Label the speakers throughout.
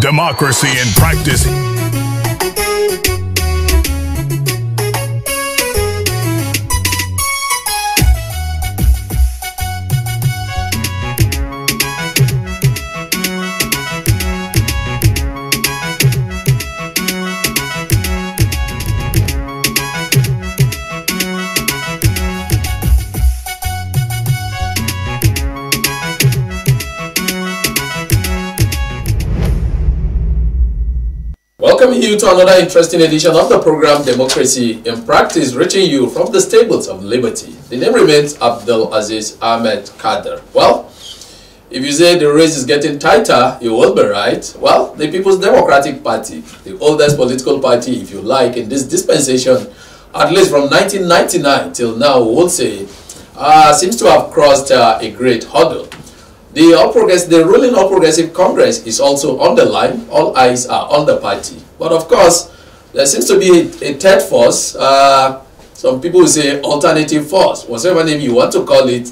Speaker 1: Democracy in practice.
Speaker 2: welcoming you to another interesting edition of the program Democracy in Practice, reaching you from the stables of liberty. The name remains Abdul Aziz Ahmed Kader. Well, if you say the race is getting tighter, you will be right. Well, the People's Democratic Party, the oldest political party, if you like, in this dispensation, at least from 1999 till now, would say, uh, seems to have crossed uh, a great hurdle. The, the ruling All Progressive Congress is also on the line. All eyes are on the party. But of course, there seems to be a, third force. Uh, some people say alternative force, whatever name you want to call it.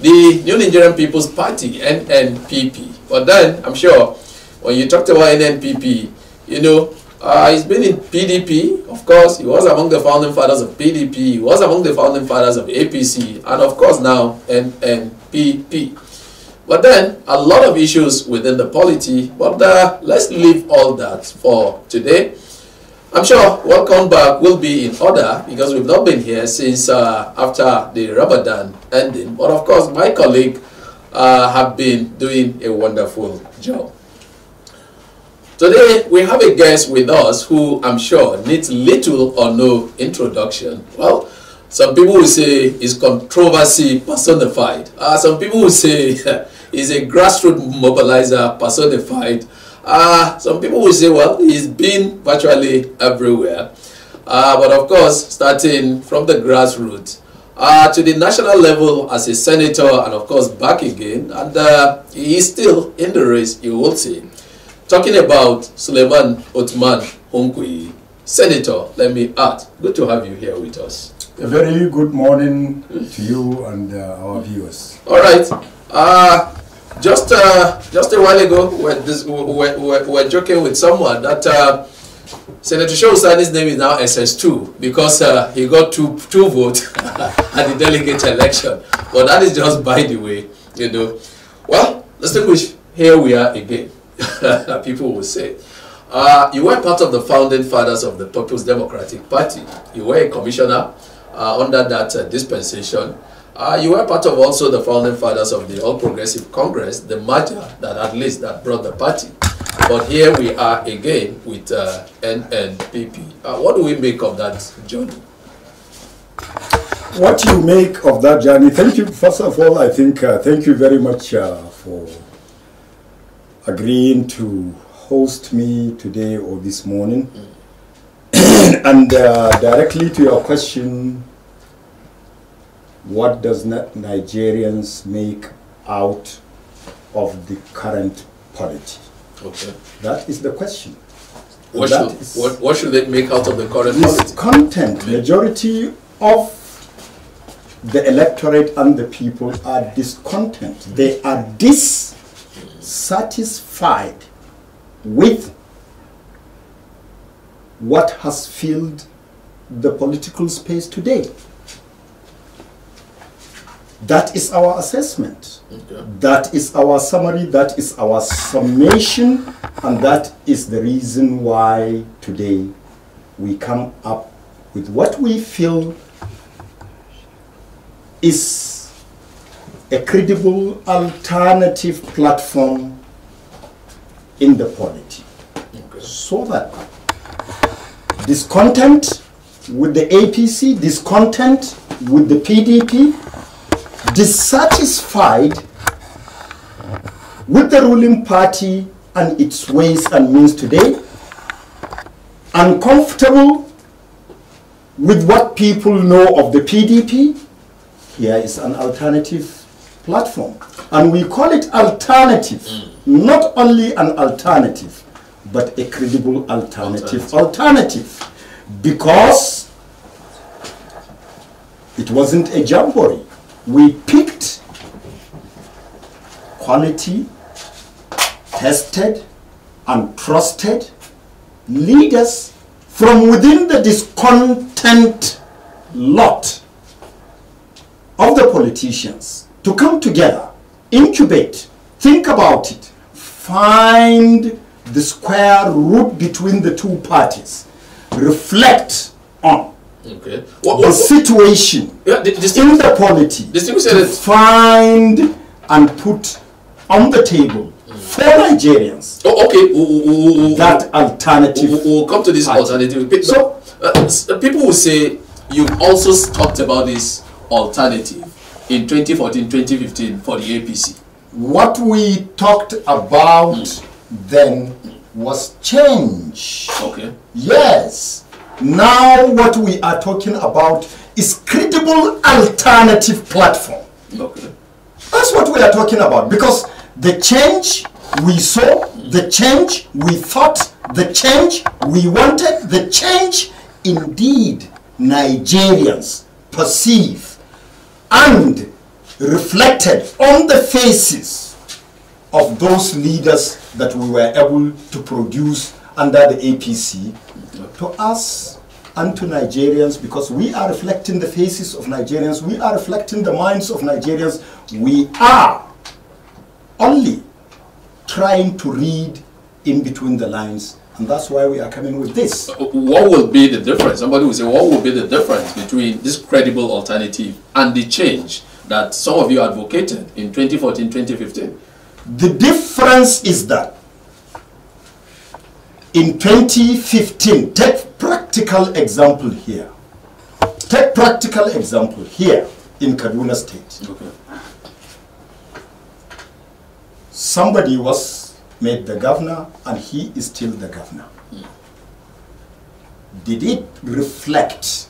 Speaker 2: The New Nigerian People's Party, NNPP. But then, I'm sure, when you talked about NNPP, you know, uh, he's been in PDP, of course. He was among the founding fathers of PDP. He was among the founding fathers of APC. And of course now, NNPP. But then, a lot of issues within the polity, but uh, let's leave all that for today. I'm sure welcome back will be in order because we've not been here since uh, after the Ramadan ending. But of course, my colleague uh, have been doing a wonderful job. Today, we have a guest with us who I'm sure needs little or no introduction. Well, some people will say it's controversy personified. Uh, some people will say He's a grassroots mobilizer personified. Uh, some people will say, well, he's been virtually everywhere. Uh, but of course, starting from the grassroots uh, to the national level as a senator and of course back again. And uh, still in the race, you will see. Talking about Suleiman Otman Hunkui, Senator, let me add, good to have you here with us.
Speaker 1: A very good morning hmm? to you and uh, our viewers. All
Speaker 2: right. Uh, just uh, just a while ago, we were, this, we we joking with someone that uh, Senator Shosani's name is now SS2 because uh, he got two, two votes at the delegate election. But that is just by the way, you know. Well, let's which here we are again, people will say. Uh, you were part of the founding fathers of the People's Democratic Party. You were a commissioner uh, under that uh, dispensation. Uh, you were part of also the founding fathers of the All Progressive Congress, the merger that at least that brought the party. But here we are again with uh, NNPP. Uh, what do we make of that journey?
Speaker 1: What you make of that journey? Thank you. First of all, I think uh, thank you very much uh, for agreeing to host me today or this morning. Mm. and uh, directly to your question, what does Nigerians make out of the current polity? Okay. That is the question. What should,
Speaker 2: what, what should, they make out of the current
Speaker 1: this polity? content, majority of the electorate and the people are discontent. They are dissatisfied with what has filled the political space today. That is our assessment. Okay. That is our summary. That is our summation. And that is the reason why today we come up with what we feel is a credible alternative platform in the polity. Okay. So that discontent with the APC, discontent with the PDP, dissatisfied with the ruling party and its ways and means today, uncomfortable with what people know of the PDP, here is an alternative platform. And we call it alternative, not only an alternative, but a credible alternative alternative, alternative because it wasn't a jamboree we picked quality, tested, and trusted leaders from within the discontent lot of the politicians to come together, incubate, think about it, find the square root between the two parties, reflect on Okay. What, what, the situation yeah, the, the in the polity to find and put on the table mm. for Nigerians.
Speaker 2: Oh, okay. Ooh, that alternative. We'll, come to this alternative. so uh, uh, people will say you've also talked about this alternative in 2014, 2015 for the APC. What we talked about mm. then was change. Okay. Yes now
Speaker 1: what we are talking about is credible alternative platform. Okay. That's what we are talking about because the change we saw, the change we thought, the change we wanted, the change indeed Nigerians perceive and reflected on the faces of those leaders that we were able to produce under the APC to us and to Nigerians because we are reflecting the faces of Nigerians, we are reflecting the minds of Nigerians. We are only trying to read in between the lines and that's why we are coming with this.
Speaker 2: What will be the difference? Somebody will say, what will be the difference between this credible alternative and the change that some of you advocated in 2014, 2015? The difference is that in 2015, take practical
Speaker 1: example here. Take practical example here in Kaduna State. Okay. Somebody was made the governor and he is still the governor. Did it reflect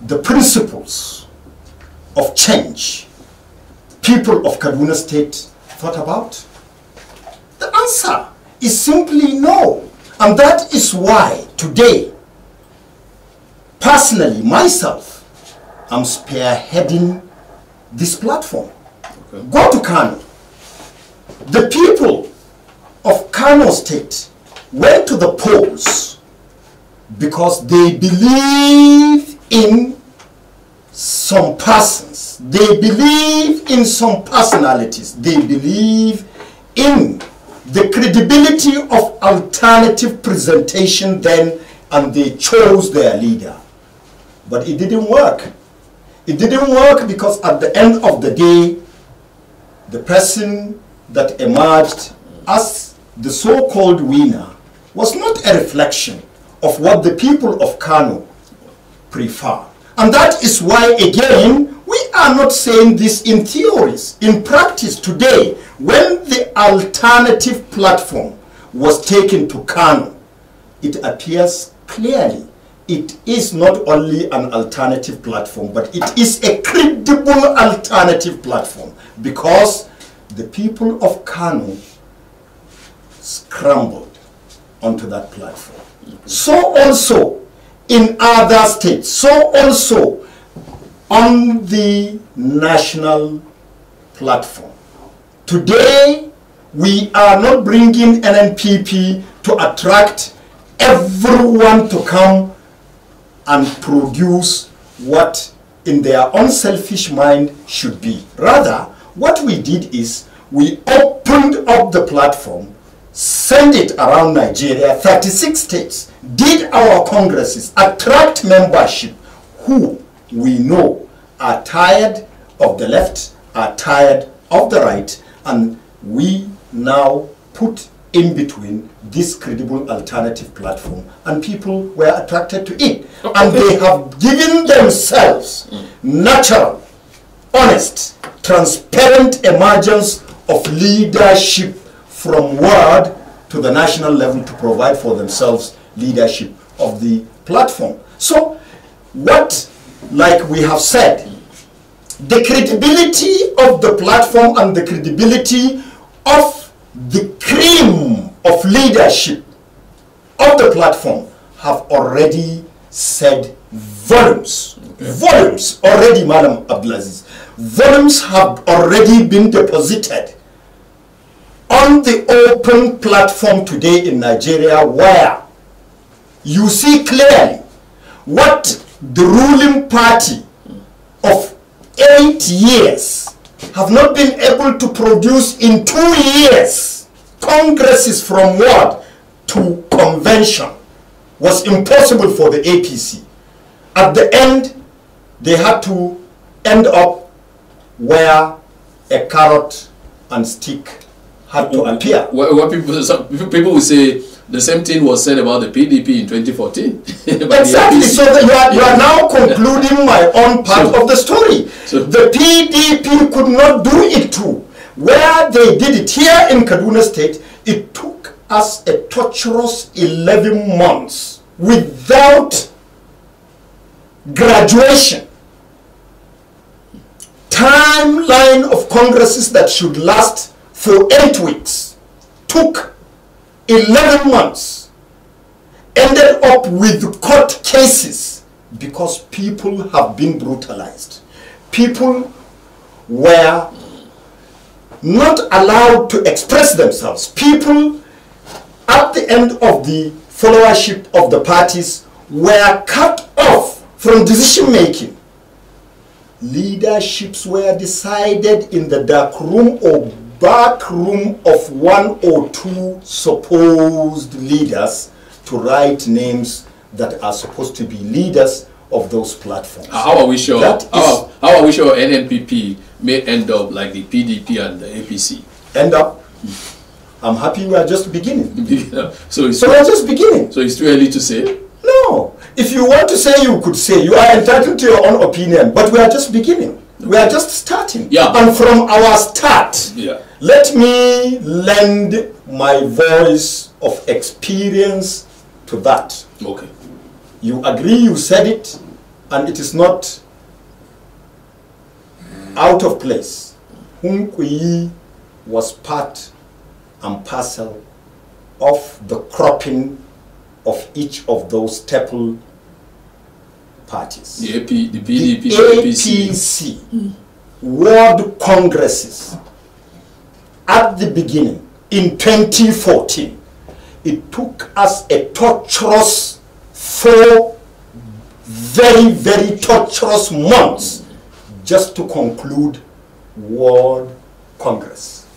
Speaker 1: the principles of change people of Kaduna State thought about? The answer is simply no. And that is why today, personally, myself, I'm spearheading this platform. Okay. Go to Kano. The people of Kano State went to the polls because they believe in some persons. They believe in some personalities. They believe in the credibility of alternative presentation then, and they chose their leader. But it didn't work. It didn't work because at the end of the day, the person that emerged as the so-called winner was not a reflection of what the people of Kano prefer. And that is why, again, we are not saying this in theories. In practice today, when the alternative platform was taken to Kano, it appears clearly it is not only an alternative platform, but it is a credible alternative platform because the people of Kano scrambled onto that platform. So also in other states, so also on the national platform. Today, we are not bringing NNPP to attract everyone to come and produce what in their unselfish mind should be. Rather, what we did is we opened up the platform, sent it around Nigeria, 36 states, did our congresses, attract membership who we know are tired of the left, are tired of the right, and we now put in between this credible alternative platform and people were attracted to it okay. and they have given themselves natural honest transparent emergence of leadership from ward to the national level to provide for themselves leadership of the platform so what like we have said the credibility of the platform and the credibility of the cream of leadership of the platform have already said volumes. Okay. Volumes already, Madam Abdulaziz. Volumes have already been deposited on the open platform today in Nigeria where you see clearly what the ruling party of eight years have not been able to produce in two years congresses from what to convention was impossible for the APC. At the end, they had to
Speaker 2: end up where a carrot and stick had to appear. What, what people, people will say, the same thing was said about the PDP in 2014. exactly. So you, are, you are now concluding my own part so, of the story.
Speaker 1: So. The PDP could not do it too. Where they did it here in Kaduna State, it took us a torturous 11 months without graduation timeline of congresses that should last for eight weeks took 11 months ended up with court cases because people have been brutalized. People were not allowed to express themselves. People at the end of the followership of the parties were cut off from decision making. Leaderships were decided in the dark room or back room of one or two supposed leaders to write names that are supposed to be leaders of those platforms. How are we sure? That
Speaker 2: how, is, how are we sure NNPP may end up like the PDP and the APC? End up. I'm happy we are just beginning. so so we are just beginning. So it's too early to say.
Speaker 1: No, if you want to say, you could say. You are entitled to your own opinion, but we are just beginning. We are just starting. Yeah. And from our start, yeah. let me lend my voice of experience to that. Okay. You agree, you said it, and it is not out of place. Hunkui was part and parcel of the cropping of each of those temple parties. The, AP, the PDP, the APC, hmm. World Congresses, at the beginning, in 2014, it took us a torturous four very, very torturous months just to conclude World Congress.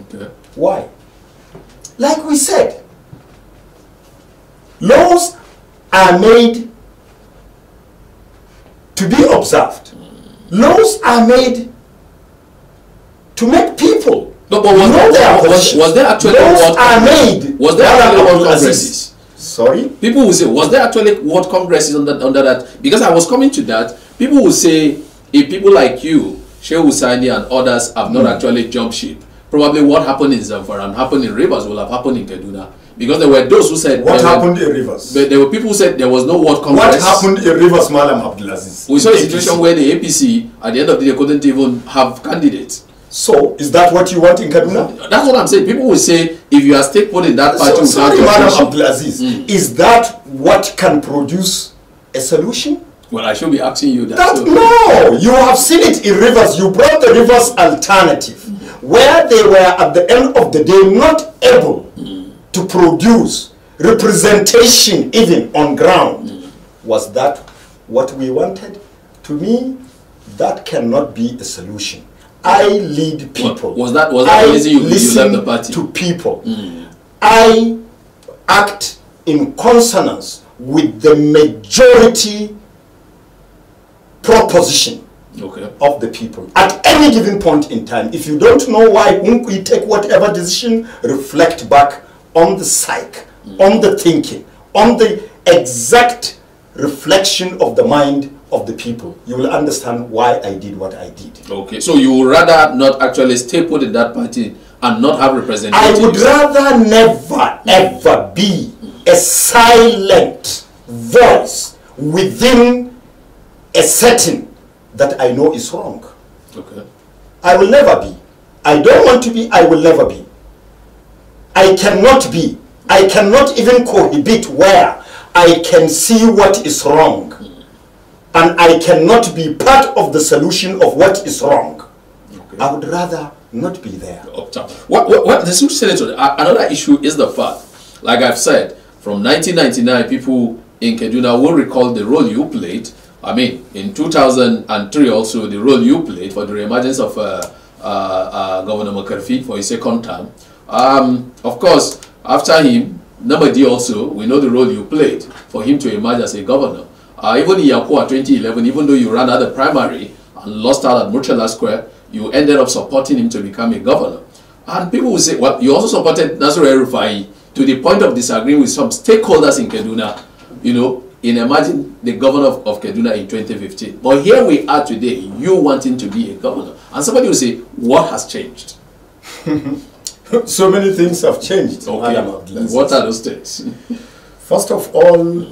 Speaker 1: Okay. Why? Like we said, laws are made to be observed. Laws are made to make people no, but was, know there, their was, was there actually laws are made. Was there actually what congresses?
Speaker 2: Sorry, people will say, was there actually world congresses under under that? Because I was coming to that. People will say, if people like you, Sheikh Hussaini and others have not mm. actually jumped ship, probably what happened in Zamfara and happened in Rivers will have happened in Kaduna. Because there were those who said what happened were, in Rivers. But there were people who said there was no word congress. What happened in Rivers, Malam Abdulaziz? We saw a situation APC. where the APC at the end of the day couldn't even have candidates. So is that what you want in Kaduna? That's what I'm saying. People will say if you are still putting that party, so, sorry, Madam Abdulaziz, mm. is that what
Speaker 1: can produce a solution? Well, I should be asking you that. that so. No, you have seen it in rivers. You brought the rivers alternative, mm. where they were at the end of the day not able mm to produce representation even on ground. Mm. Was that what we wanted? To me, that cannot be a solution. I lead people. What, was that was that I reason you, listen you left the party? to people. Mm. I act in consonance with the majority proposition okay. of the people at any given point in time. If you don't know why, we take whatever decision, reflect back on the psyche, on the thinking, on the exact reflection of the mind of the people, you will understand why I did
Speaker 2: what I did. Okay, so you would rather not actually stay put in that party and not have representation. I would
Speaker 1: rather never,
Speaker 2: ever be a
Speaker 1: silent voice within a setting that I know is wrong. Okay. I will never be. I don't want to be, I will never be. I cannot be, I cannot even cohibit where I can see what is wrong. And I cannot be part of the solution
Speaker 2: of what is wrong. Okay. I would rather
Speaker 1: not be there.
Speaker 2: What, what, what, the senator, another issue is the fact, like I've said, from 1999, people in Kaduna will recall the role you played. I mean, in 2003 also, the role you played for the emergence of uh, uh, uh, Governor McCarthy for his second term. Um, of course, after him, Namadi also, we know the role you played for him to emerge as a governor. Uh, even in Yakua 2011, even though you ran out the primary and lost out at Murchala Square, you ended up supporting him to become a governor. And people will say, well, you also supported Nasser Rufai to the point of disagreeing with some stakeholders in Kaduna, you know, in emerging the governor of, of Kaduna in 2015. But here we are today, you wanting to be a governor. And somebody will say, what has changed? so many things have changed. Okay. What are those things? First of all,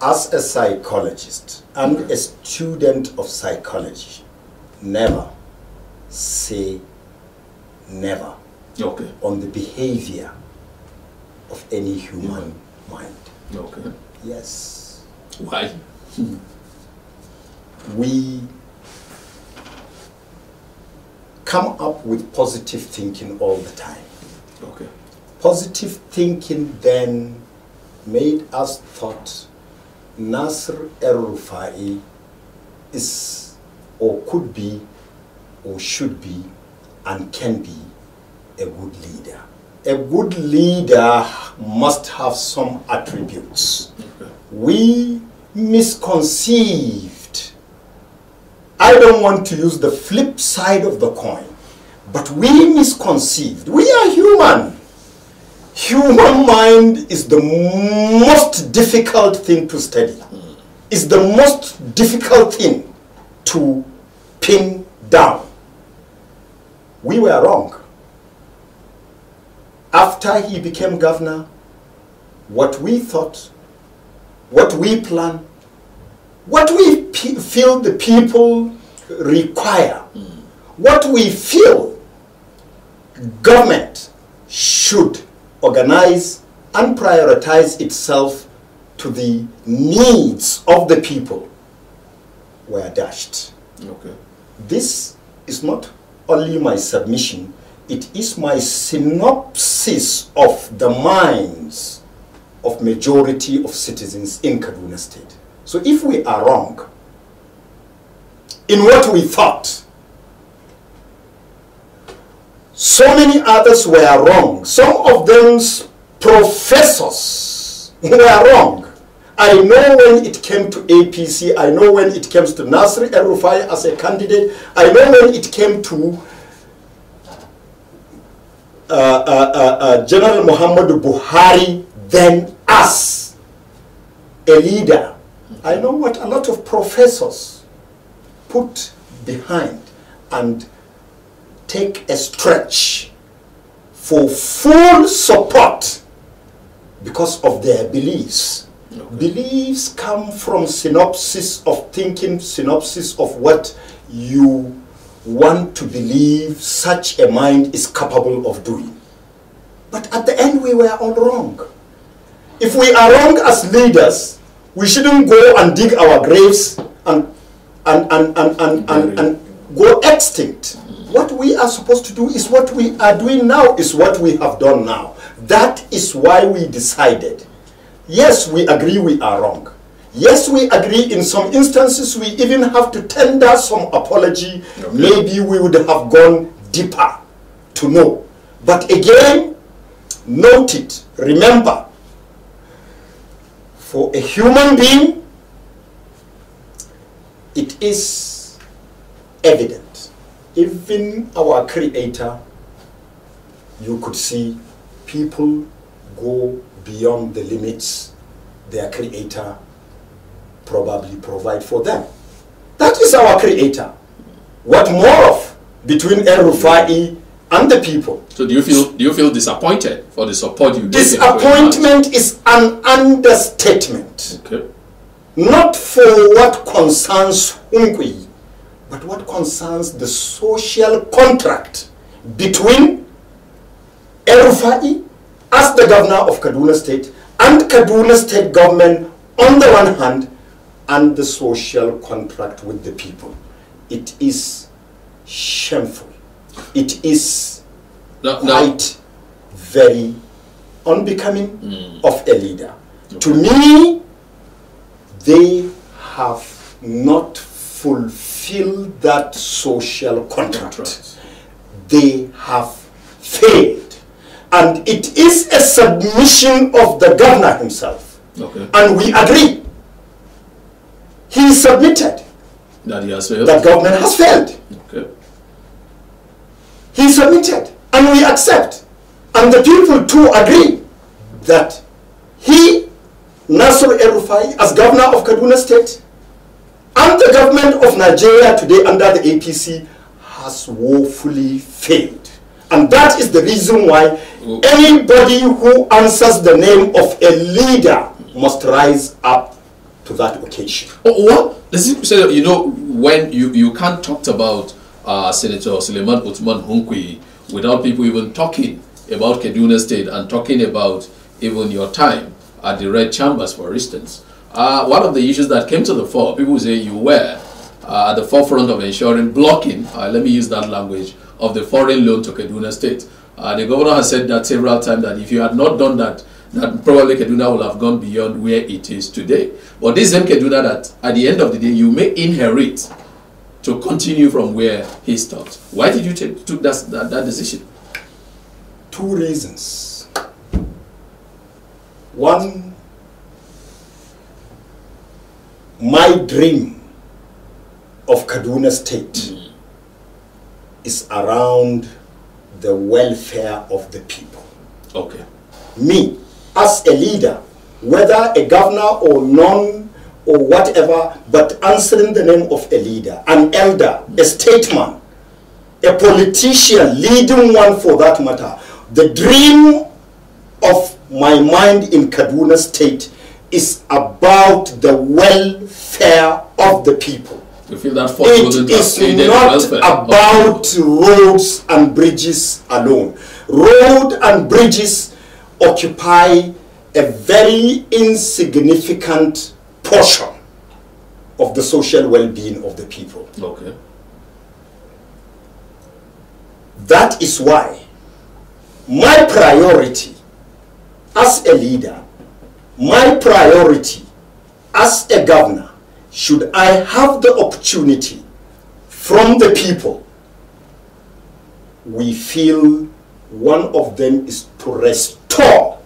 Speaker 1: as a psychologist and a student of psychology, never say never okay. on the behavior of any human mind. Okay. Yes. Why? we come up with positive thinking all the time. Okay. Positive thinking then made us thought Nasr al-Rufai is or could be or should be and can be a good leader. A good leader must have some attributes. We misconceived. I don't want to use the flip side of the coin but we misconceived. We are human. Human mind is the most difficult thing to study. It's the most difficult thing to pin down. We were wrong. After he became governor, what we thought, what we planned, what we feel the people require, mm. what we feel government should organize and prioritize itself to the needs of the people were dashed. Okay. This is not only my submission, it is my synopsis of the minds of majority of citizens in Kaduna State. So if we are wrong in what we thought, so many others were wrong. Some of them, professors were wrong. I know when it came to APC, I know when it comes to Nasri El Rufai as a candidate, I know when it came to uh, uh, uh, uh General Muhammad Buhari, then us, a leader. I know what a lot of professors put behind and take a stretch for full support because of their beliefs. Okay. Beliefs come from synopsis of thinking, synopsis of what you want to believe such a mind is capable of doing. But at the end, we were all wrong. If we are wrong as leaders, we shouldn't go and dig our graves and, and, and, and, and, and, and, and go extinct. What we are supposed to do is what we are doing now, is what we have done now. That is why we decided. Yes, we agree we are wrong. Yes, we agree in some instances we even have to tender some apology. Okay. Maybe we would have gone deeper to know. But again, note it, remember, for a human being, it is evident even our creator you could see people go beyond the limits their creator probably provide for them that is our creator what more of between el rufai and the people so do you feel do you feel disappointed for the support you disappointment is an understatement okay. not for what concerns Hunkui but what concerns the social contract between Erufai, as the governor of Kaduna State and Kaduna State government on the one hand and the social contract with the people. It is shameful. It is no, quite very unbecoming mm. of a leader. To me, they have not fulfilled fulfill that social contract. contract. They have failed. And it is a submission of the governor himself. Okay. And we agree. He submitted. That he has failed? That government has failed. Okay. He submitted. And we accept. And the people too agree that he, Nasser El-Rufai, as governor of Kaduna State, and the government of Nigeria today under the APC has woefully failed. And that is the reason why anybody who answers the name of a leader must rise up
Speaker 2: to that occasion. Oh, oh what? Does it say, you know, when you, you can't talk about uh, Senator Suleiman Utman Hunkwi without people even talking about Kaduna State and talking about even your time at the Red Chambers, for instance. Uh, one of the issues that came to the fore, people say you were uh, at the forefront of ensuring blocking, uh, let me use that language, of the foreign loan to Kaduna State. Uh, the governor has said that several times that if you had not done that, that probably Kaduna would have gone beyond where it is today. But this same Kaduna that at the end of the day you may inherit to continue from where he stopped. Why did you take took that, that, that decision? Two reasons. One
Speaker 1: my dream of Kaduna State mm. is around the welfare of the people. Okay. Me, as a leader, whether a governor or none or whatever, but answering the name of a leader, an elder, a statesman, a politician, leading one for that matter. The dream of my mind in Kaduna State is about the welfare of the people. You feel that Ford it is not about roads and bridges alone. Road and bridges occupy a very insignificant portion of the social well-being of the people. Okay. That is why my priority as a leader my priority as a governor, should I have the opportunity from the people, we feel one of them is to restore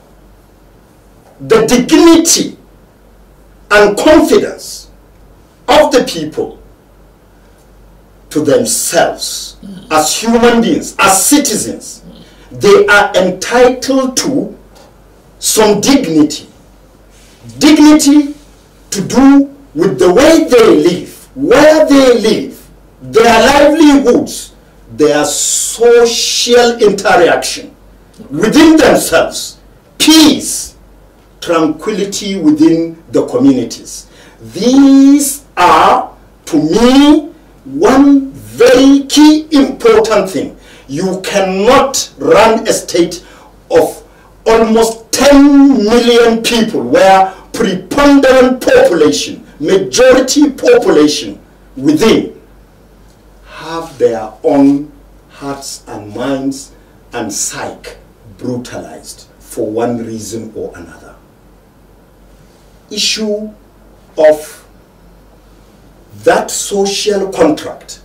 Speaker 1: the dignity and confidence of the people to themselves mm. as human beings, as citizens. Mm. They are entitled to some dignity dignity to do with the way they live, where they live, their livelihoods, their social interaction within themselves, peace, tranquility within the communities. These are, to me, one very key important thing. You cannot run a state of almost 10 million people where preponderant population, majority population within have their own hearts and minds and psyche brutalized for one reason or another. Issue of that social contract.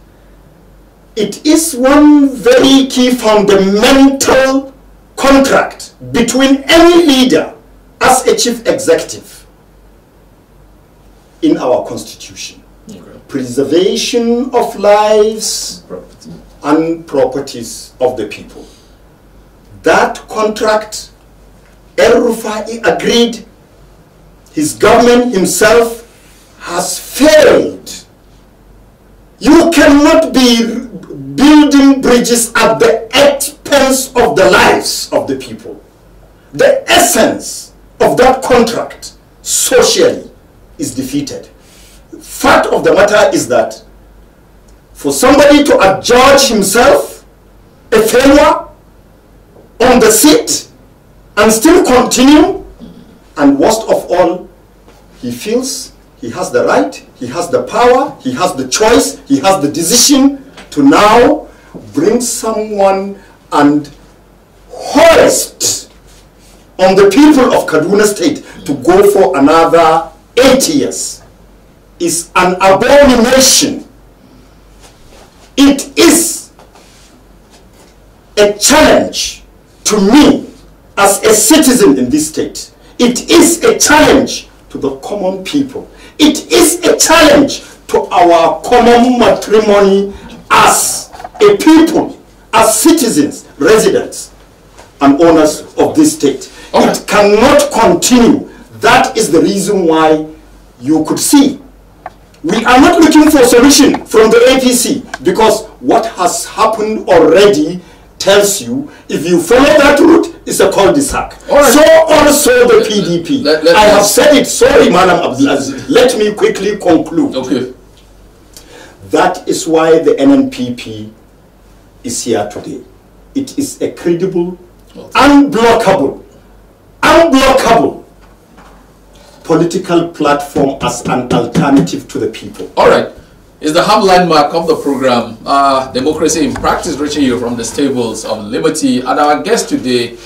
Speaker 1: It is one very key fundamental contract between any leader as a chief executive in our constitution. Okay. Preservation of lives Property. and properties of the people. That contract, El-Rufai agreed, his government himself has failed. You cannot be building bridges at the expense of the lives of the people. The essence of that contract, socially, is defeated. Fact of the matter is that for somebody to adjudge himself a failure on the seat and still continue, and worst of all, he feels he has the right, he has the power, he has the choice, he has the decision to now bring someone and hoist on the people of Kaduna State to go for another eight years is an abomination. It is a challenge to me as a citizen in this state. It is a challenge to the common people. It is a challenge to our common matrimony as a people, as citizens, residents, and owners of this state. It cannot continue that is the reason why you could see. We are not looking for solution from the APC because what has happened already tells you if you follow that route, it's a cul-de-sac. Right. So also the PDP. Let, let, I have said it. Sorry, Madam Abdulaziz. Let me quickly conclude. Okay. That is why the NNPP is here today. It is a credible, okay. unblockable, unblockable political platform as an alternative to the people.
Speaker 2: All right. It's the half landmark of the program, uh, Democracy in Practice, reaching you from the stables of liberty. And our guest today,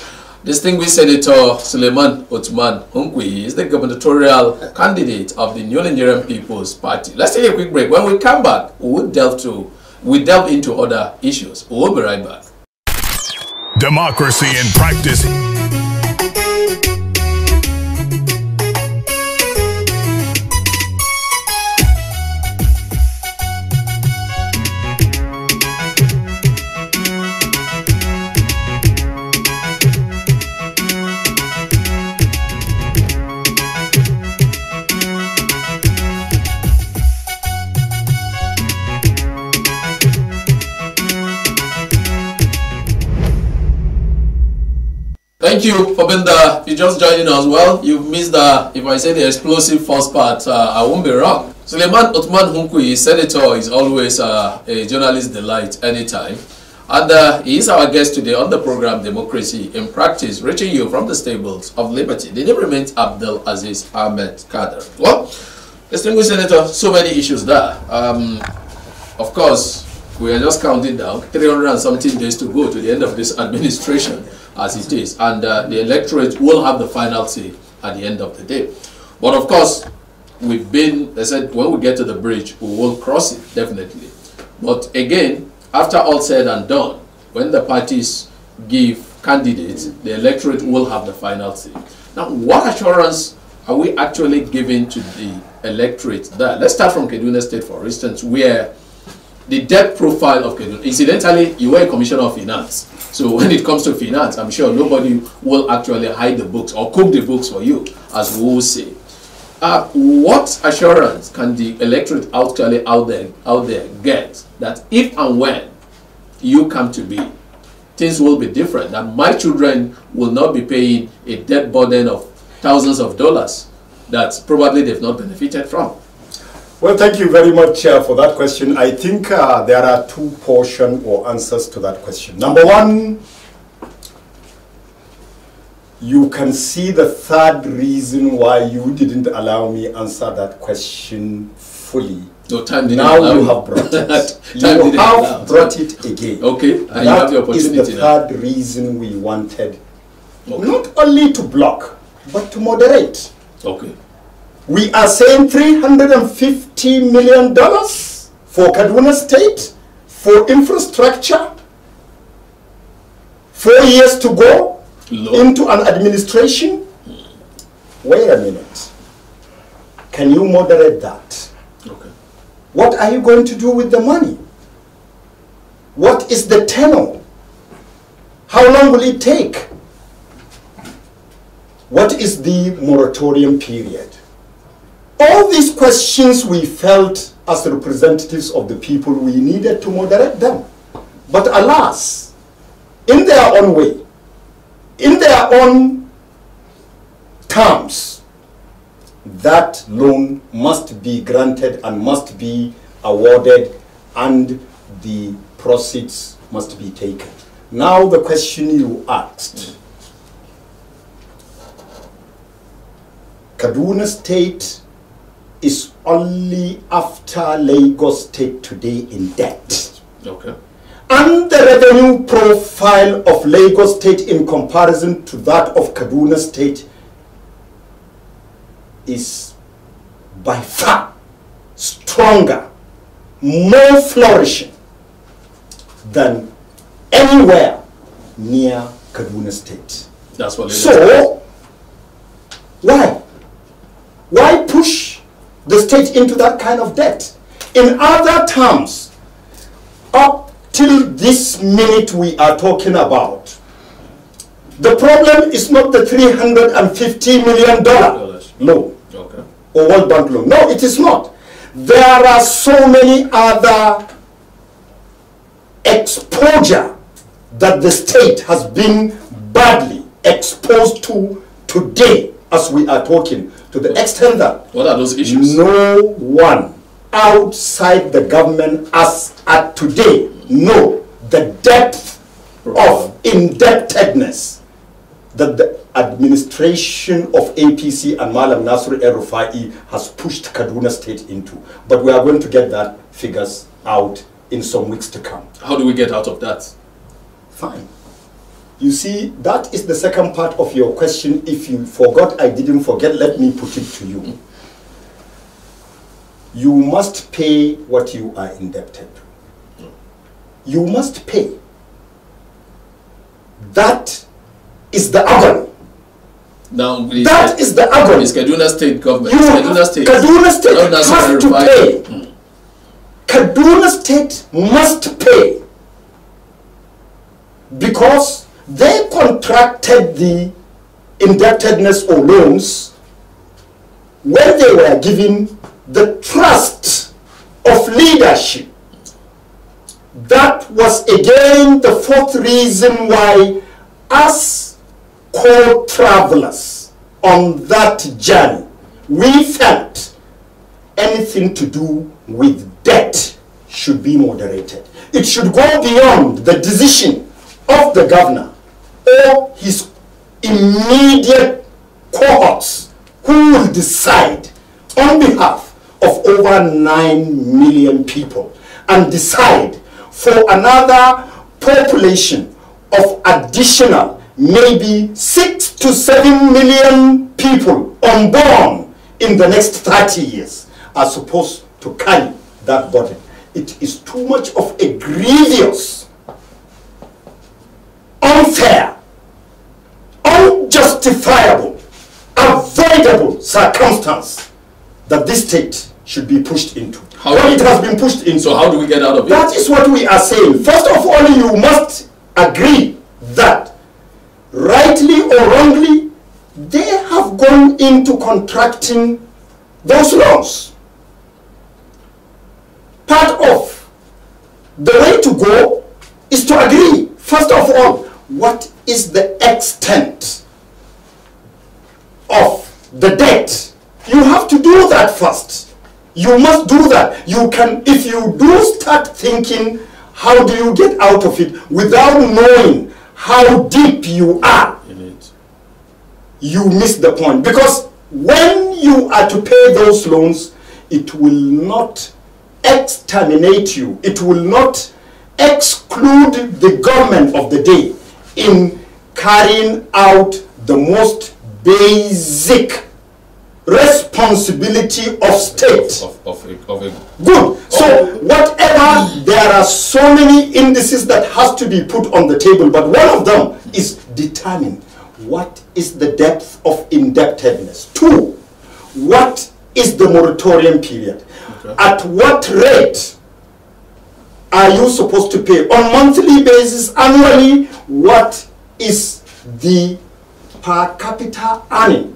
Speaker 2: distinguished Senator Suleiman Otman Hunkwi, is the gubernatorial candidate of the New Nigerian People's Party. Let's take a quick break. When we come back, we'll delve, to, we we'll delve into other issues. We'll be right back. Democracy in Practice. Thank you for being there. If you're just joining us, well, you've missed the, if I say the explosive first part, uh, I won't be wrong. Suleiman Otman Hunkui, senator, is always uh, a journalist delight anytime. And uh, he is our guest today on the program Democracy in Practice, reaching you from the stables of liberty. The name remains Abdel Aziz Ahmed Kader. Well, distinguished senator, so many issues there. Um, of course, we are just counting down 300 and something days to go to the end of this administration as it is. And uh, the electorate will have the final say at the end of the day. But of course, we've been, They said, when we get to the bridge, we will cross it, definitely. But again, after all said and done, when the parties give candidates, the electorate will have the final say. Now, what assurance are we actually giving to the electorate that? Let's start from Kaduna State, for instance, where the debt profile of Kaduna. Incidentally, you were a commissioner of finance. So when it comes to finance, I'm sure nobody will actually hide the books or cook the books for you, as we will say. Uh, what assurance can the electorate actually out there, out there get that if and when you come to be, things will be different, that my children will not be paying a debt burden of thousands of dollars that probably they've not benefited from? Well, thank you very much uh, for that question. I think uh, there are two
Speaker 1: portion or answers to that question. Number one, you can see the third reason why you didn't allow me answer that question fully. No, time didn't now allow. you have brought it. you have allow. brought it again. Okay, and that you have the opportunity is the now. third reason we wanted, okay. not only to block, but to moderate. Okay. We are saying $350 million for Kaduna State, for infrastructure, four years to go Lord. into an administration. Wait a minute. Can you moderate that? Okay. What are you going to do with the money? What is the tenor? How long will it take? What is the moratorium period? All these questions we felt as representatives of the people, we needed to moderate them. But alas, in their own way, in their own terms, that loan must be granted and must be awarded and the proceeds must be taken. Now the question you asked, Kaduna State is only after Lagos State today in debt. Okay. And the revenue profile of Lagos State in comparison to that of Kaduna State is by far stronger, more flourishing than anywhere near Kaduna State. That's what. Lagos so, why, why push the state into that kind of debt. In other terms, up till this minute we are talking about, the problem is not the $350 million loan okay. or World Bank loan. No, it is not. There are so many other exposure that the state has been badly exposed to today as we are talking to the extent that what are those issues? No one outside the government as at today know the depth of indebtedness that the administration of APC and Malam Nasr el has pushed Kaduna State into. But we are going to get that figures out in some weeks to come. How do we get out of that? Fine. You see, that is the second part of your question. If you forgot, I didn't forget, let me put it to you. You must pay what you are indebted.
Speaker 2: You must pay. That is the agony. Now, the, that is the agony. It's Kaduna State government. You, Kaduna State. Kaduna State no, has to pay. Mm.
Speaker 1: Kaduna State
Speaker 2: must pay.
Speaker 1: Because they contracted the indebtedness or loans when they were given the trust of leadership. That was again the fourth reason why us core travelers on that journey, we felt anything to do with debt should be moderated. It should go beyond the decision of the governor or his immediate cohorts who will decide on behalf of over 9 million people and decide for another population of additional maybe 6 to 7 million people unborn in the next 30 years are supposed to carry that burden. It is too much of a grievous, unfair justifiable, avoidable circumstance that this state should be pushed into. How it has been pushed into. So how do we get out of it? That is what we are saying. First of all, you must agree that rightly or wrongly, they have gone into contracting those laws. Part of the way to go is to agree, first of all, what is the extent of the debt, you have to do that first. You must do that. You can, if you do start thinking, how do you get out of it without knowing how deep you are, you miss the point. Because when you are to pay those loans, it will not exterminate you. It will not exclude the government of the day in carrying out the most basic responsibility of state. Of,
Speaker 2: of, of, of
Speaker 1: Good. So whatever, there are so many indices that has to be put on the table, but one of them is determine what is the depth of indebtedness. Two, what is the moratorium period? Okay. At what rate are you supposed to pay? On monthly basis, annually, what is the per capita earning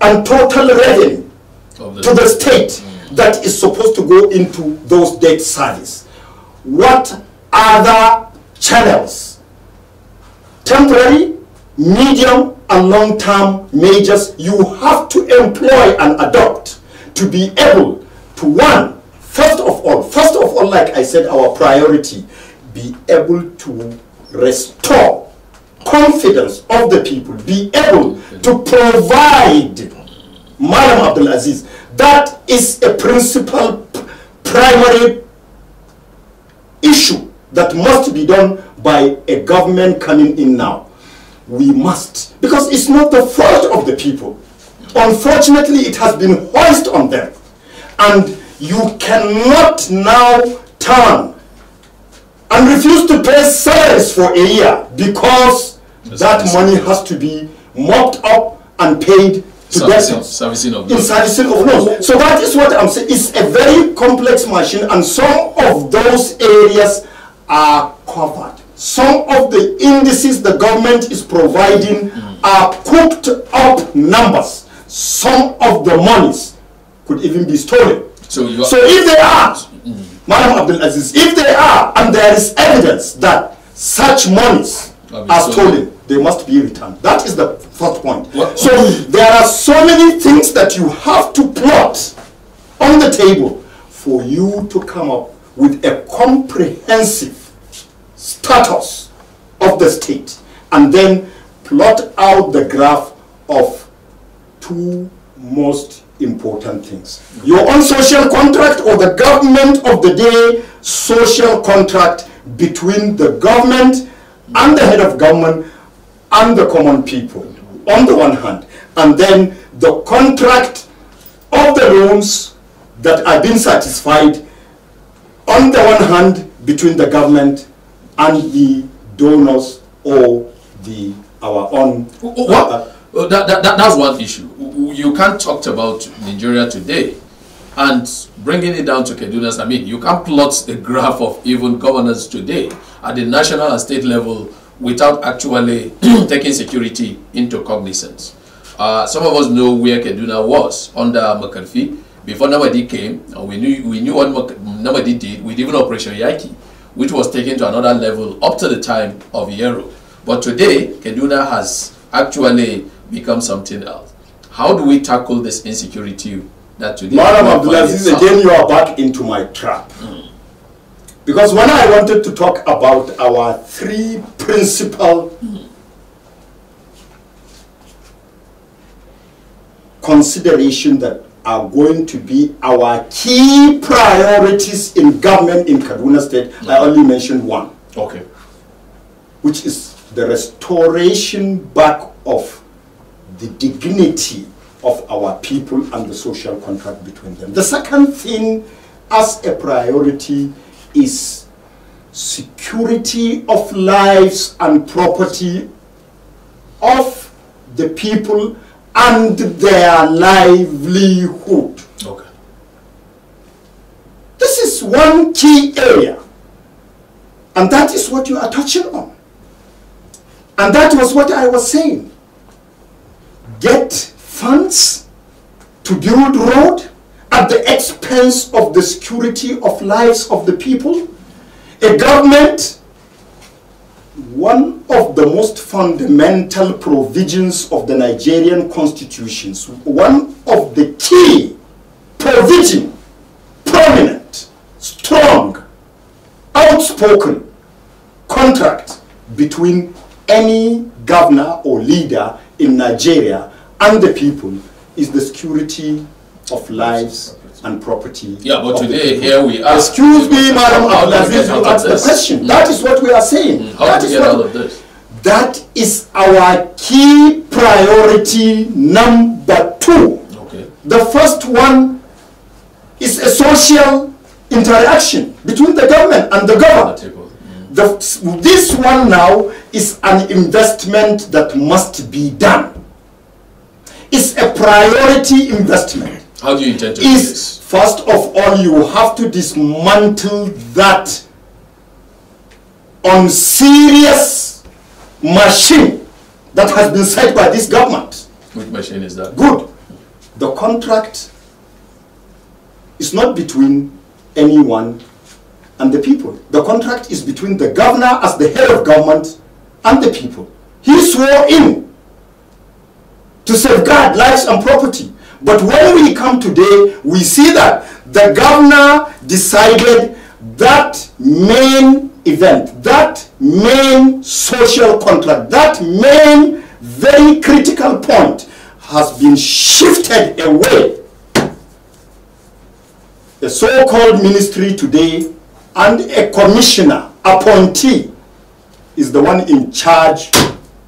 Speaker 1: and total revenue to the state mm. that is supposed to go into those debt service. What other channels, temporary, medium, and long-term majors you have to employ and adopt to be able to, one, first of all, first of all, like I said, our priority, be able to restore confidence of the people be able to provide Madam Abdul Aziz. That is a principal primary issue that must be done by a government coming in now. We must, because it's not the fault of the people. Unfortunately, it has been hoisted on them. And you cannot now turn and refuse to pay salaries for a year because That's that money has to be mopped up and paid to servicing,
Speaker 2: servicing of loans.
Speaker 1: servicing of loans. So that is what I'm saying. It's a very complex machine, and some of those areas are covered. Some of the indices the government is providing mm. are cooked up numbers. Some of the monies could even be stolen. So, so if they are Madam Abdul Aziz, if they are and there is evidence that such monies are stolen, they must be returned. That is the fourth point. What? So there are so many things that you have to plot on the table for you to come up with a comprehensive status of the state and then plot out the graph of two most important things. Your own social contract or the government of the day social contract between the government and the head of government and the common people on the one hand and then the contract of the loans that are being satisfied on the one hand between the government and the donors or the our own.
Speaker 2: What? Uh, well, that, that, that, that's one issue. You can't talk about Nigeria today and bringing it down to Keduna's. I mean, you can not plot a graph of even governance today at the national and state level without actually taking security into cognizance. Uh, some of us know where Kaduna was under McAfee before Namadi came, and uh, we knew we knew what Namadi did with even Operation Yaki, which was taken to another level up to the time of Yero. But today, Kaduna has actually become something else. How do we tackle this insecurity that today? Madam Abdulaziz, again, you are back into my trap. Mm. Because when I
Speaker 1: wanted to talk about our three principal mm. consideration that are going to be our key priorities in government in Kaduna State, mm. I mm-hmm. only mentioned one. Okay. Which is the restoration
Speaker 2: back of the dignity of our people and the social contract
Speaker 1: between them. The second thing as a priority is security of lives and property of the people and their livelihood. Okay. This is one key area and that is what you are touching on. And that was what I was saying get funds to build road at the expense of the security of lives of the people. A government, one of the most fundamental provisions of the Nigerian constitutions, one of the key provision, prominent, strong, outspoken contract between any governor or leader in Nigeria and the people is the security of lives and property. Yeah, but today here we are. Excuse me, Madam Abdulaziz, you asked the question. Mm. That is what we are saying. Mm. How that do we get out of this? That is our key priority number two. Okay. The first one is a social interaction between the government and the government. The, mm. this one now is an investment that must be done is a priority investment. How do you intend to is, do this? First of all, you have to dismantle that unserious machine that has been set by this government. Which machine is that? Good. The contract is not between anyone and the people. The contract is between the governor as the head of government and the people. He swore in to safeguard lives and property. But when we come today, we see that the governor decided that main event, that main social contract, that main very critical point has been shifted away. A so-called ministry today and a commissioner, appointee, is the one in charge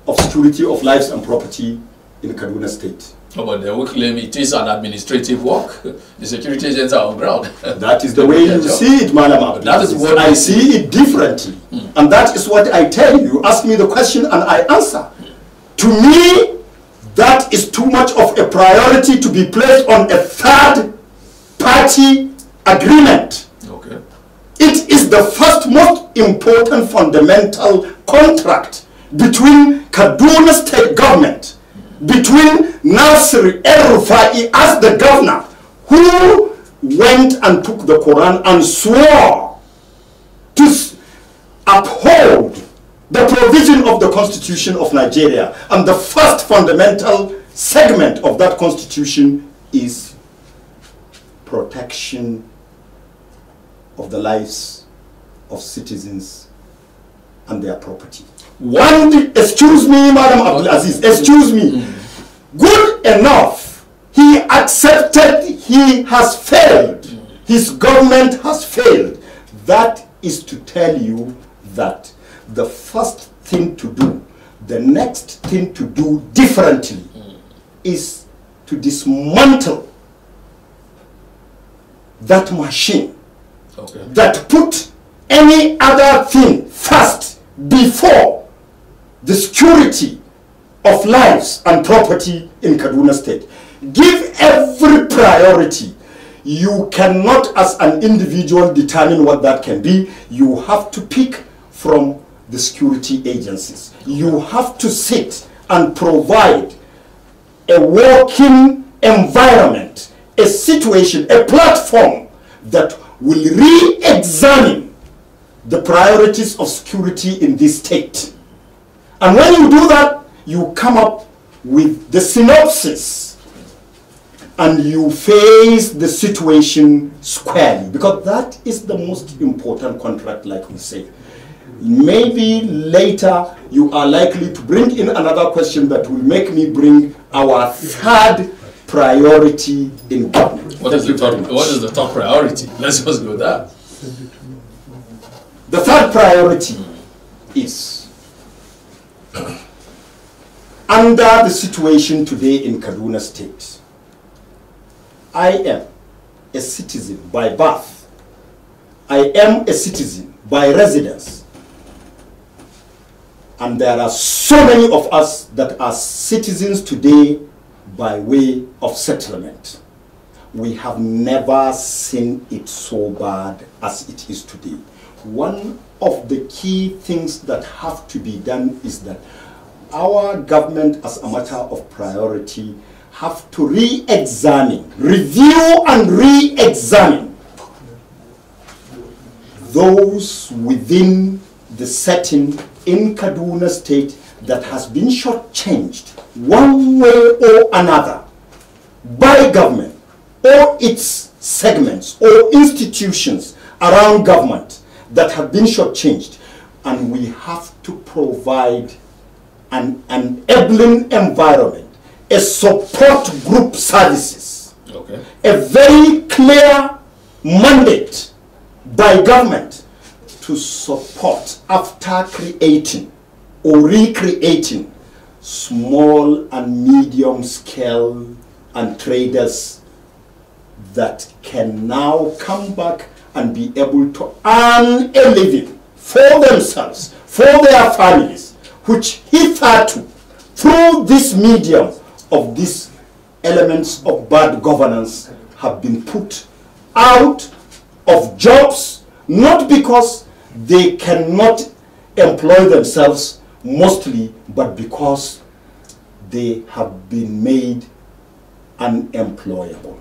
Speaker 1: of security of lives and property in Kaduna State.
Speaker 2: Oh, but they will claim it is an administrative work. The security agents are on ground. that is the way you job. see it, Malam That is what I
Speaker 1: see it differently. Mm. And that is what I tell you. Ask me the question and I answer. Mm. To me, that is too much of a priority to be placed on a third party agreement. Okay. It is the first most important fundamental contract between Kaduna state government between Nasir el-Rufai as the governor who went and took the Quran and swore to uphold the provision of the constitution of Nigeria and the first fundamental segment of that constitution is protection of the lives of citizens and their property. One, excuse me, Madam Abdul Aziz, excuse me. Mm. Good enough, he accepted he has failed. His government has failed. That is to tell you that the first thing to do, the next thing to do differently mm. is to dismantle that machine okay. that put any other thing first before the security of lives and property in Kaduna State. Give every priority. You cannot, as an individual, determine what that can be. You have to pick from the security agencies. You have to sit and provide a working environment, a situation, a platform that will re-examine the priorities of security in this state. And when you do that, you come up with the synopsis and you face the situation squarely because that is the most important contract, like we say. Maybe later you are likely to bring in another question that will make me bring our third priority in government. What is
Speaker 2: the top, what is the top priority? Let's just go there.
Speaker 1: The third priority is under the situation today in Kaduna State, I am a citizen by birth. I am a citizen by residence. And there are so many of us that are citizens today by way of settlement. We have never seen it so bad as it is today one of the key things that have to be done is that our government, as a matter of priority, have to re-examine, review and re-examine those within the setting in Kaduna State that has been shortchanged one way or another by government or its segments or institutions around government that have been shortchanged. And we have to provide an, an enabling environment, a support group services, okay. a very clear mandate by government to support after creating or recreating small and medium scale and traders that can now come back and be able to earn a living for themselves, for their families, which hitherto, through this medium of these elements of bad governance, have been put out of jobs, not because they cannot employ themselves mostly, but because they have been made unemployable.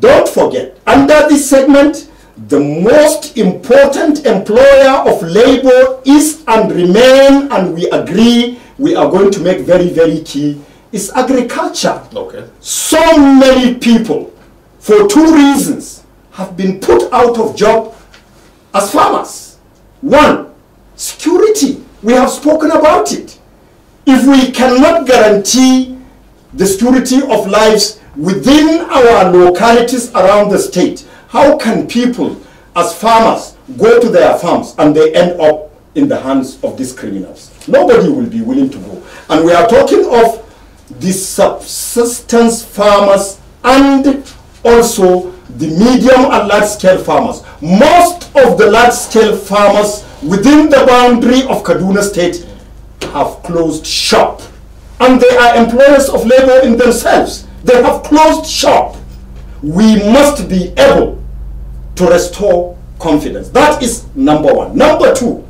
Speaker 1: Don't forget, under this segment, the most important employer of labor is and remain, and we agree we are going to make very, very key, is agriculture. Okay. So many people, for two reasons, have been put out of job as farmers. One, security. We have spoken about it. If we cannot guarantee the security of lives within our localities around the state, how can people, as farmers, go to their farms and they end up in the hands of these criminals? Nobody will be willing to go. And we are talking of the subsistence farmers and also the medium and large scale farmers. Most of the large scale farmers within the boundary of Kaduna State have closed shop. And they are employers of labor in themselves. They have closed shop. We must be able to restore confidence. That is number one. Number two,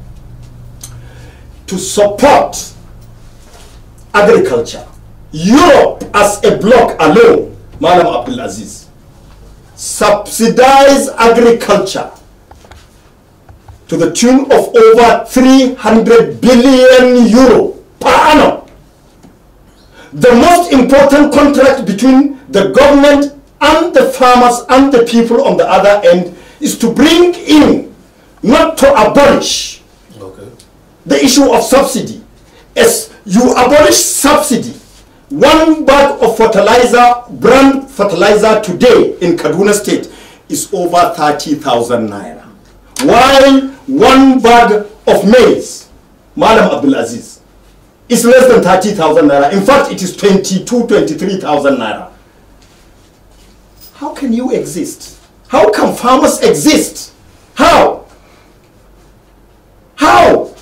Speaker 1: to support agriculture. Europe as a bloc alone, Madam Abdul Aziz, subsidize agriculture to the tune of over 300 billion euro per annum. The most important contract between the government and the farmers and the people on the other end is to bring in, not to abolish, okay. the issue of subsidy. As you abolish subsidy, one bag of fertilizer, brand fertilizer today in Kaduna State is over 30,000 naira. While one bag of maize, Madam Abdulaziz, is less than 30,000 naira. In fact, it is 22, 23,000 naira. How can you exist? How can farmers exist? How? How?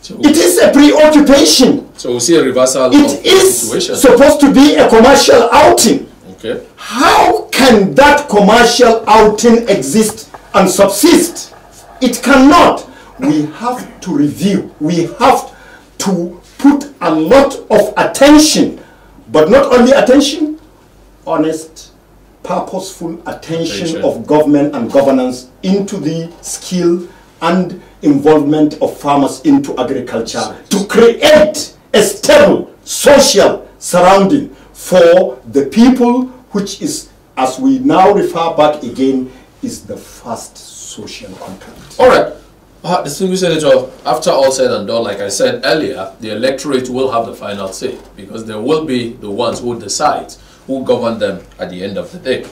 Speaker 1: So it is a preoccupation. So we see a reversal. It
Speaker 2: is situation.
Speaker 1: supposed to be a commercial outing. Okay. How can that commercial outing exist and subsist? It cannot. We have to review. We have to put a lot of attention, but not only attention, honest purposeful attention, attention of government and governance into the skill and involvement of farmers into agriculture to create a stable social surrounding for the people which is as
Speaker 2: we now refer back again is the first social contract all right uh, distinguished senator after all said and done like i said earlier the electorate will have the final say because they will be the ones who decide who govern them at the end of the day.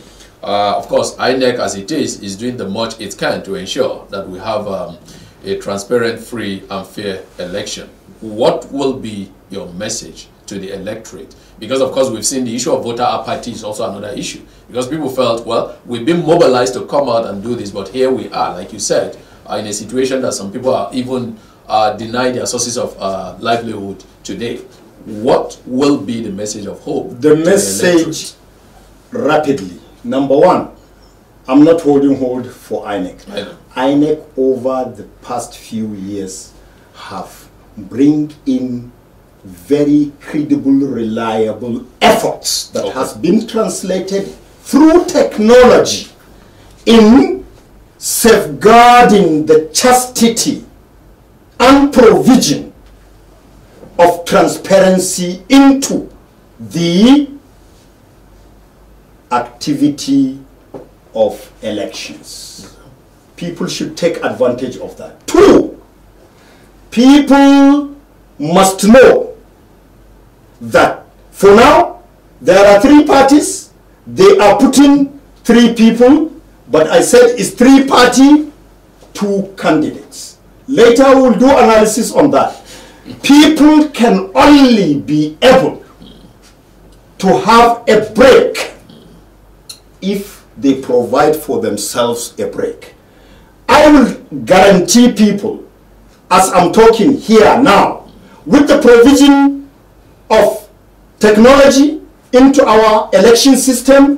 Speaker 2: Uh, of course, INEC as it is, is doing the much it can to ensure that we have um, a transparent, free and fair election. What will be your message to the electorate? Because of course we've seen the issue of voter apathy is also another issue. Because people felt, well, we've been mobilized to come out and do this, but here we are, like you said, in a situation that some people are even uh, denied their sources of uh, livelihood today what will be the message of hope? The message the rapidly.
Speaker 1: Number one, I'm not holding hold for INEC. INEC over the past few years have bring in very credible, reliable efforts that okay. has been translated through technology in safeguarding the chastity and provision of transparency into the activity of elections. People should take advantage of that. Two, people must know that for now, there are three parties. They are putting three people, but I said it's three party, two candidates. Later we'll do analysis on that people can only be able to have a break if they provide for themselves a break. I will guarantee people, as I'm talking here now, with the provision of technology into our election system,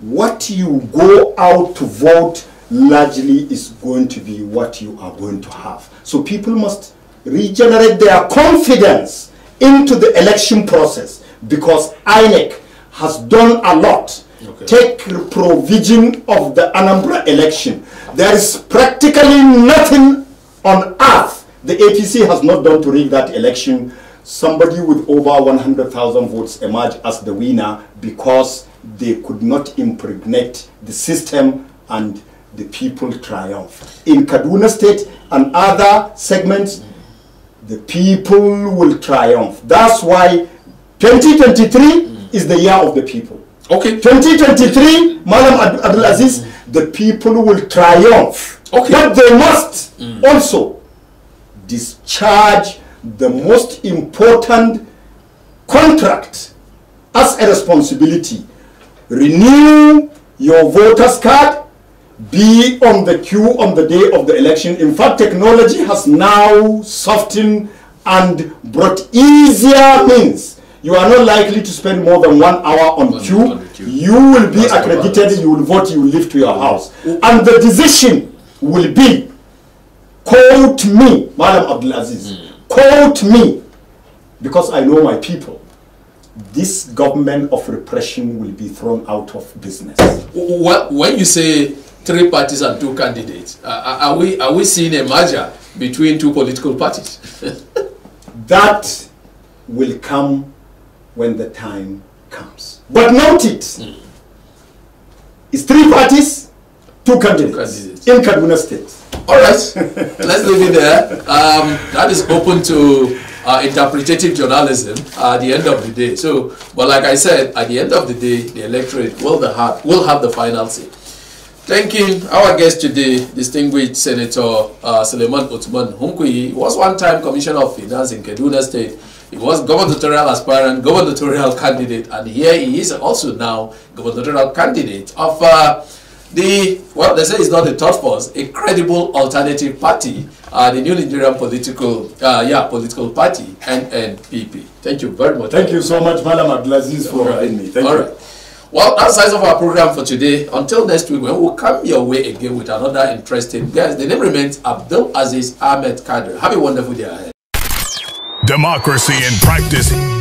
Speaker 1: what you go out to vote largely is going to be what you are going to have. So people must regenerate their confidence into the election process because INEC has done a lot. Okay. Take provision of the Anambra election. There is practically nothing on earth the APC has not done to rig that election. Somebody with over 100,000 votes emerged as the winner because they could not impregnate the system and the people triumphed In Kaduna State and other segments, the people will triumph. That's why 2023 mm. is the year of the people. Okay. 2023, Madam Abdulaziz, mm. the people will triumph. Okay. But they must mm. also discharge the most important contract as a responsibility. Renew your voter's card be on the queue on the day of the election. In fact, technology has now softened and brought easier means. You are not likely to spend more than one hour on one queue. On queue. You will be That's accredited, you will vote, you will leave to your house. And the decision will be, quote me, Madam Abdulaziz, mm. quote me, because I know my people this government of repression will be thrown out of business.
Speaker 2: Well, when you say three parties and two candidates. Uh, uh, are, we, are we seeing a merger between two political parties? that will come
Speaker 1: when the time comes. But note it. Mm. It's three parties, two candidates, candidates. in Kaduna State. All
Speaker 2: right, let's leave it there. Um, that is open to uh, interpretative journalism at the end of the day. So, but like I said, at the end of the day, the electorate will, the have, will have the final say. Thanking our guest today, distinguished Senator uh, Suleiman Otman Hunkui, was one time Commissioner of Finance in Kaduna State. He was gubernatorial aspirant, gubernatorial candidate, and here he is also now gubernatorial candidate of uh, the, well, they say it's not a thought force, a credible alternative party, uh, the New Nigerian Political, uh, yeah, Political Party, NNPP. Thank you very much. Thank you so much, Madam Abdulaziz, for right. having me. Thank All you. Right. Well, that's the size of our program for today. Until next week, when we'll come your way again with another interesting guest. The name remains Abdul Aziz Ahmed Kader. Have a wonderful day ahead.
Speaker 1: Democracy in practice.